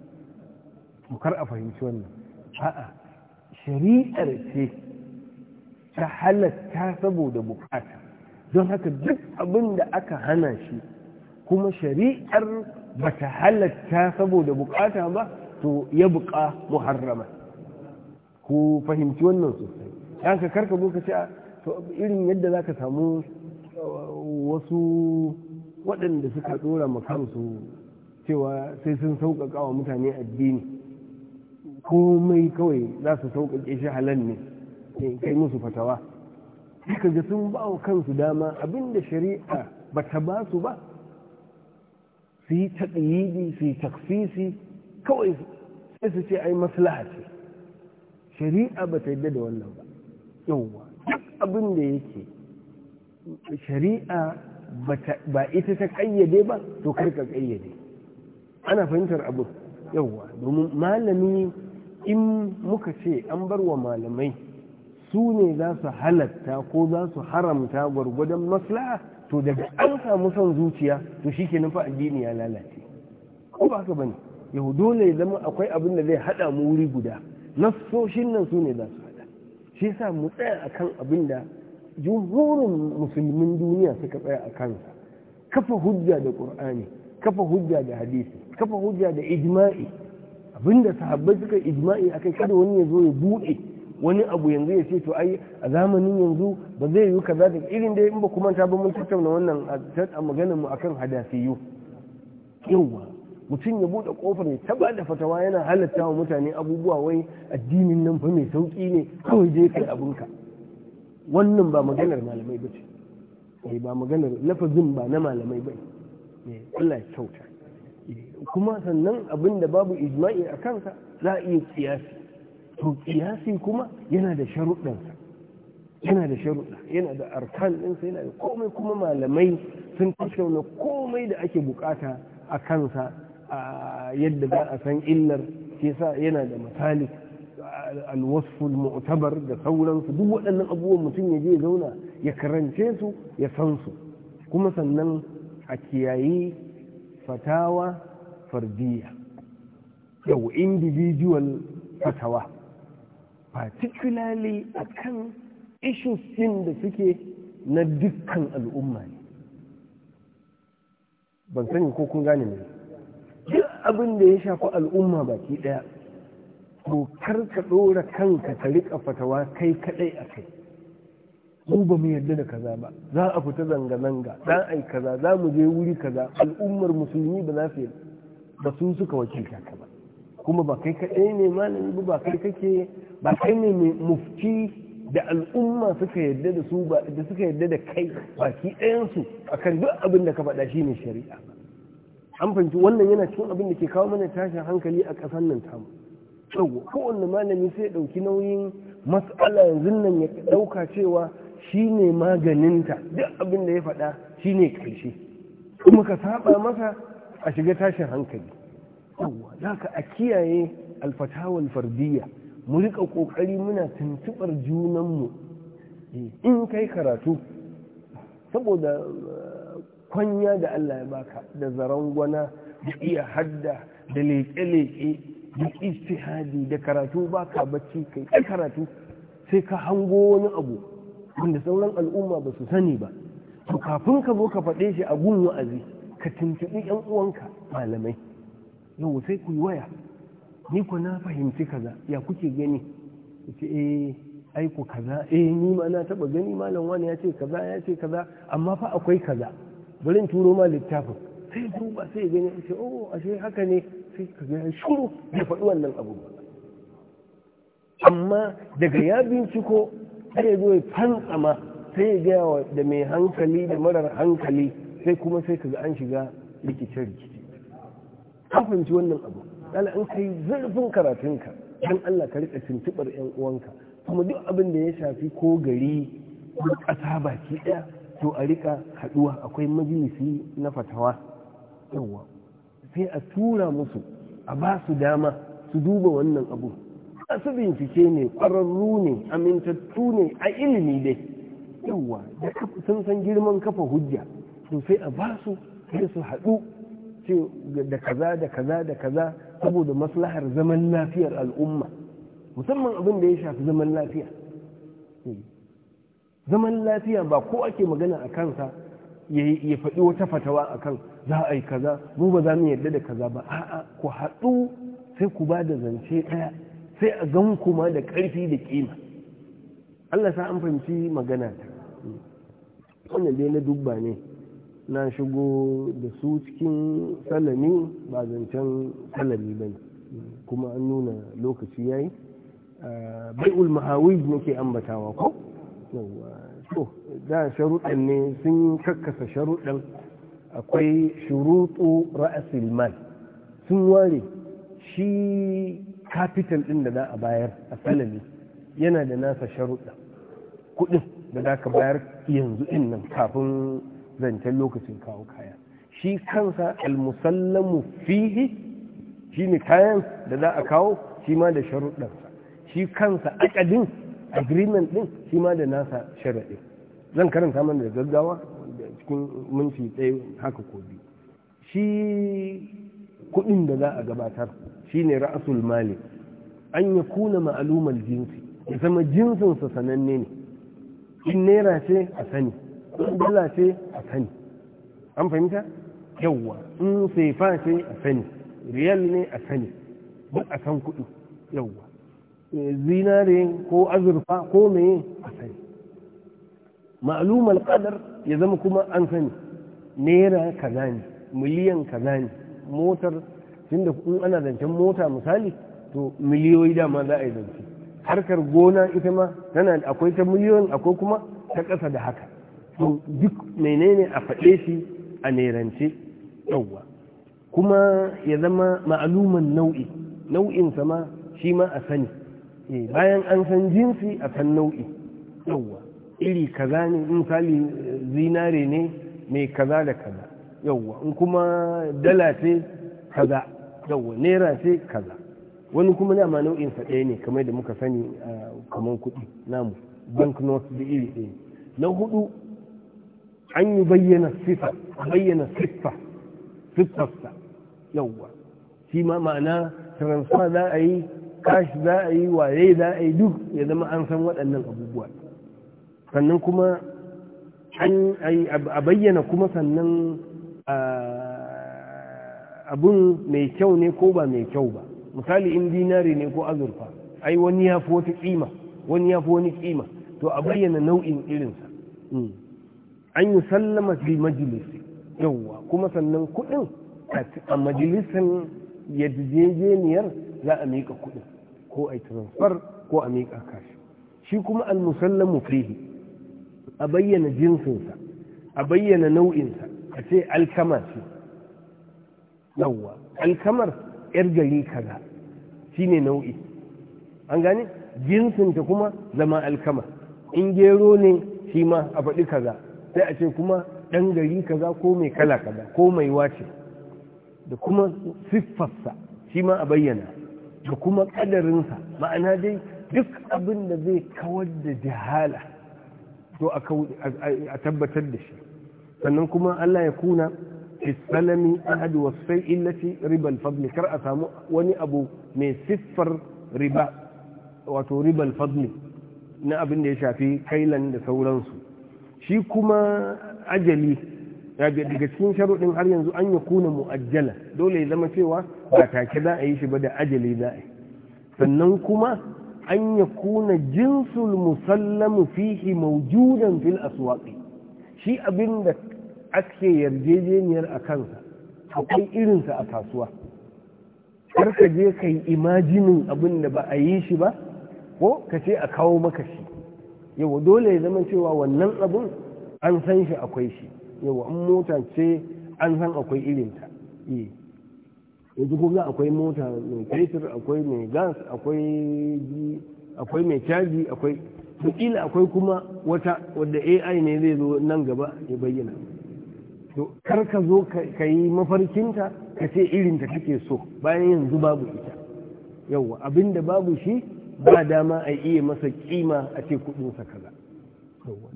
Speaker 1: kar a fahimci wannan a'a shari'ar ce ta halatta saboda bukata don haka duk abin da aka hana shi kuma shari'ar ba ta halatta saboda bukata ba to ya buka muharrama ku fahimci wannan sosai yan ka karka zo ka ce irin yadda za ka samu uh, wasu waɗanda suka tsora ma kansu cewa sai sun sauƙaƙa wa mutane addini komai kawai za su sauƙaƙe shi halal ne kai musu fatawa suka ga sun ba wa kansu dama abinda shari'a ba ta ba su ba su yi taɗiyidi su yi taƙfisi kawai sai su ce ai maslaha ce shari'a ba ta yadda da wannan ba yauwa duk abin da yake shari'a ba ita ta kayyade ba to kar ka kayyade ana fahimtar abu yauwa domin malami in muka ce an bar wa malamai su ne za su halatta ko za su haramta gwargwadon maslaha to daga an samu son zuciya to shi ke nufa addini ya lalace ko ba haka bane yau dole ya zama akwai abin da zai haɗa mu wuri guda nassoshin nan su ne za su haɗa shi sa mu tsaya akan abin da jumhurin musulmin duniya suka tsaya a kansa kafa hujja da ƙur'ani kafa hujja da hadisi kafa hujja da ijma'i abinda sahabbai suka ijma'i kai, kada wani ya zo ya buɗe wani abu yanzu ya ce to ai a zamanin yanzu ba zai yi kaza da irin dai in ba kuma ta ba mun tattauna wannan a maganar mu akan hadasiyu yawa mutum ya buɗe kofar ya taba da fatawa yana halatta wa mutane abubuwa wai addinin nan fa mai sauƙi ne kawai je kai abinka wannan ba maganar malamai ba ce eh, ba maganar lafazin ba na malamai ba eh, Allah ya kyauta eh, kuma sannan abin da babu ijma'i a kansa za a iya kiyasi to kiyasi kuma yana da sharuɗansa yana da sharuɗa yana da arkan ɗinsa yana da komai kuma malamai sun tattauna komai da ake bukata a kansa a yadda za a san illar ke sa yana da misali alwasful mu'tabar da sauransu duk waɗannan abubuwan mutum ya je zauna ya karance su ya san su kuma sannan a kiyayi fatawa fardiya yau individual fatawa a kan issues din da suke na dukkan al'umma ne ban sani ko kun gane ne duk abinda ya shafi al'umma baki ɗaya. to kar ka ɗora kanka ka riƙa fatawa kai kaɗai a kai mu ba mu yarda da kaza ba za a fita zanga-zanga za a yi kaza za mu je wuri kaza al'ummar musulmi ba za su ba su suka wakilta ka ba kuma ba kai kaɗai ne malami ba ba kai kake ba kai ne mai mufti da al'umma suka yarda da su ba da suka yarda da kai baki ɗayansu akan duk abin da ka faɗa shi ne shari'a an fahimci wannan yana cikin abin da ke kawo mana tashin hankali a ƙasar nan tamu yau kowanne malami sai ɗauki nauyin matsala yanzu nan ya ɗauka cewa shi ne maganinta duk abin da ya faɗa shi ne ƙarshe kuma ka saba masa a shiga tashin hankali yauwa za ka a kiyaye alfatawar fardiyya mu riƙa ƙoƙari muna tuntuɓar junanmu eh, in kai karatu saboda eh, kwanya da Allah ya baka da zaren gwana da iya hadda da leƙe-leƙe da istihadi da karatu ba ka bacci kai ta karatu sai ka hango wani abu wanda sauran al'umma ba su sani ba to kafin ka zo ka faɗe shi a gun wa'azi ka tuntuɓi yan uwanka malamai yau sai ku yi waya ni ku na fahimci kaza ya kuke gani ce eh aiko kaza eh ni ma na taɓa gani malam wani ya ce kaza ya ce kaza amma fa akwai kaza bari turo ma littafin sai duba sai gani ce oh ashe haka ne sai ka ya shuru ya faɗi wannan abu ba amma daga ya binciko har ya zo ya fantsama sai ya gaya wa da mai hankali da marar hankali sai kuma sai ka ga an shiga rikice-rikice An fahimci wannan abu ɗala an kai zurfin karatunka don Allah ka rika tuntuɓar 'yan uwanka kuma duk abin da ya shafi ko gari ko ƙasa baki ɗaya to a rika haɗuwa akwai majalisi na fatawa yawwa sai a tura musu a ba su dama su duba wannan abu su bincike ne ƙwararru ne amintattu ne a ilimi dai yawa da sun san girman kafa hujja to sai a ba su sai su haɗu da kaza da kaza da kaza saboda maslahar zaman lafiyar al'umma musamman abin da ya shafi zaman lafiya eh, zaman lafiya ba ko ake magana a kansa ya faɗi wata fatawa akan za a yi kaza mu ba za mu yarda da kaza ba a'a ku haɗu sai ku ba da zance ɗaya sai a gan kuma da ƙarfi da ƙima Allah sa an fahimci magana ta wannan dai na dubba ne na shigo da su cikin salami ba zancen salami ba ne kuma an nuna lokaci ya yayi ah, bai mahawi nake ambatawa ko to da sharuɗan ne sun kakkasa sharuɗan akwai shuruɗu ra'asil mal sun ware shi kafital ɗin da za a bayar a salami yana da nasa sharuɗa kuɗin da za ka bayar yanzu ɗin nan kafin zancen lokacin kawo kaya shi kansa almusallamu fihi shi ne kayan da za a kawo shi ma da sharuɗansa shi kansa akadin agreement din shi ma da nasa sharaɗin zan karanta mana da gaggawa da cikin minti tsaye haka ko biyu shi kuɗin da za a gabatar shi ne ra'asul mali an ya kuna ma'alumar jinsi ya zama jinsinsa sananne ne in naira ce a sani in dala ce a sani an fahimta yawwa in sefa ce a sani riyal ne a sani duk a san kuɗi yawwa zinare ko azurfa ko meye a sani ma'alumar kadar ya zama kuma an sani naira kaza ne miliyan kaza ne motar da kun ana zancen mota misali to miliyoyi dama za a yi zance harkar gona ita ma tana akwai ta miliyoyin akwai kuma ta ƙasa da haka to duk menene a faɗe shi a nerance yauwa kuma ya zama ma'aluman nau'i nau'in sama shi ma a sani Eh, bayan an san jinsi a san nau'i yawwa iri kaza ne misali zinare ne mai kaza da kaza yawwa in kuma dala ce kaza yawwa naira ce kaza wani kuma dama nau'in sa ɗaya ne kamar da muka sani kamar kuɗi namu banknotes da iri ɗaya na hudu an yi bayyana a bayyana siffa siffarsa yawwa shi ma ma'ana transfer za a yi kashi za a yi waye za a yi duk ya zama an san waɗannan abubuwa sannan kuma an a bayyana kuma sannan abun mai kyau ne ko ba mai kyau ba misali in dinari ne ko azurfa ai wani ya fi wata kima wani ya fi wani kima to a bayyana nau'in irinsa hmm. an yi sallama fi majalisi yauwa kuma sannan kuɗin a yadda yarjejeniyar za a mika kuɗin ko a yi transfer ko a miƙa kashi shi kuma al-musallamu fihi a bayyana jinsinsa a bayyana nau'insa a ce alkama ce yawwa alkamar yar gari kaza shine nau'i an gane jinsinta kuma zama alkama in gero ne shi ma a faɗi kaza sai a ce kuma ɗan gari kaza ko mai kala kaza ko mai wace da kuma siffarsa shi ma a bayyana da kuma ƙadarinsa ma'ana dai duk abin da zai kawar da jihala to a tabbatar da shi sannan kuma Allah ya kuna isalami ahad wasai illati ribal fadli kar a samu wani abu mai siffar riba wato ribal fadli na abin da ya shafi kailan da sauransu shi kuma ajali ya biya daga cikin sharuɗin har yanzu an ya kuna mu'ajjala dole ya zama cewa ba take za a yi shi ba da ajali za a yi sannan kuma an ya kuna jinsul musallamu fihi maujudan fil aswaqi shi abin da ake yarjejeniyar a kansa akwai irinsa a kasuwa kar ka je ka yi imajinin abin da ba a yi shi ba ko ka ce a kawo maka shi yau dole ya zama cewa wannan abin an san shi akwai shi yawa in mota ce an san akwai irinta eh. yanzu kun ga akwai mota mai fetur akwai mai gas akwai mai caji akwai kila akwai kuma wata wadda ai ne zai zo nan gaba ya bayyana to kar ka zo ka yi mafarkinta ka ce irinta kake so bayan yanzu babu ita yawwa abinda babu shi ba dama a iya masa kima a ce kudinsa kaza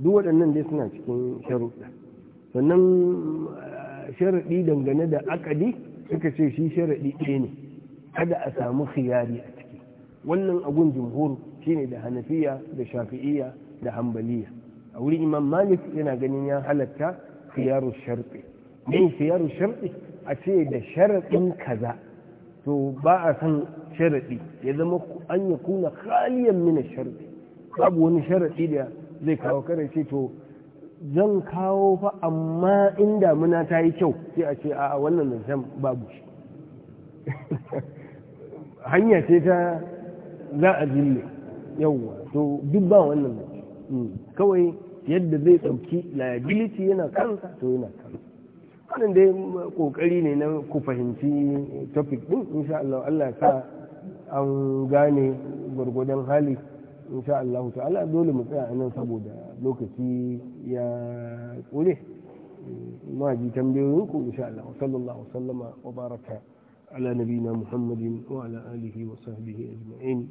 Speaker 1: duk waɗannan dai suna cikin sharuɗa sannan eh, sharaɗi dangane da akadi suka ce shi sharaɗi ɗaya ne kada a samu khiyari a ciki wannan abun jumhur shine da hanafiya da shafi'iya da hambaliya a wurin imam malik yana ganin ya halatta khiyaru sharɗi me khiyaru sharɗi a ce da sharaɗin kaza to ba a san sharaɗi ya zama an ya kuna khaliyan mina sharɗi babu wani sharaɗi da zai kawo kare ce to zan kawo fa amma in damuna ta yi kyau sai a ce a wannan zancen babu shi hanya ce ta za a jille yauwa to duk ba wannan hmm. kawai yadda zai ɗauki liability yana kansa to yana kansa wannan dai kokari ne na ku fahimci topic din insha Allah Allah sa an gane gwargwadon hali insha Allah ta'ala dole mu tsaya nan saboda lokaci ya ƙure ma ji tambayoyinku insha Allah sallallahu sallama wa baraka ala nabina muhammadin wa ala alihi wa sahbihi ajma'in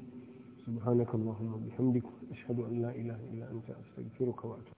Speaker 1: subhanakallahumma bihamdik ashhadu an la ilaha illa anta astaghfiruka wa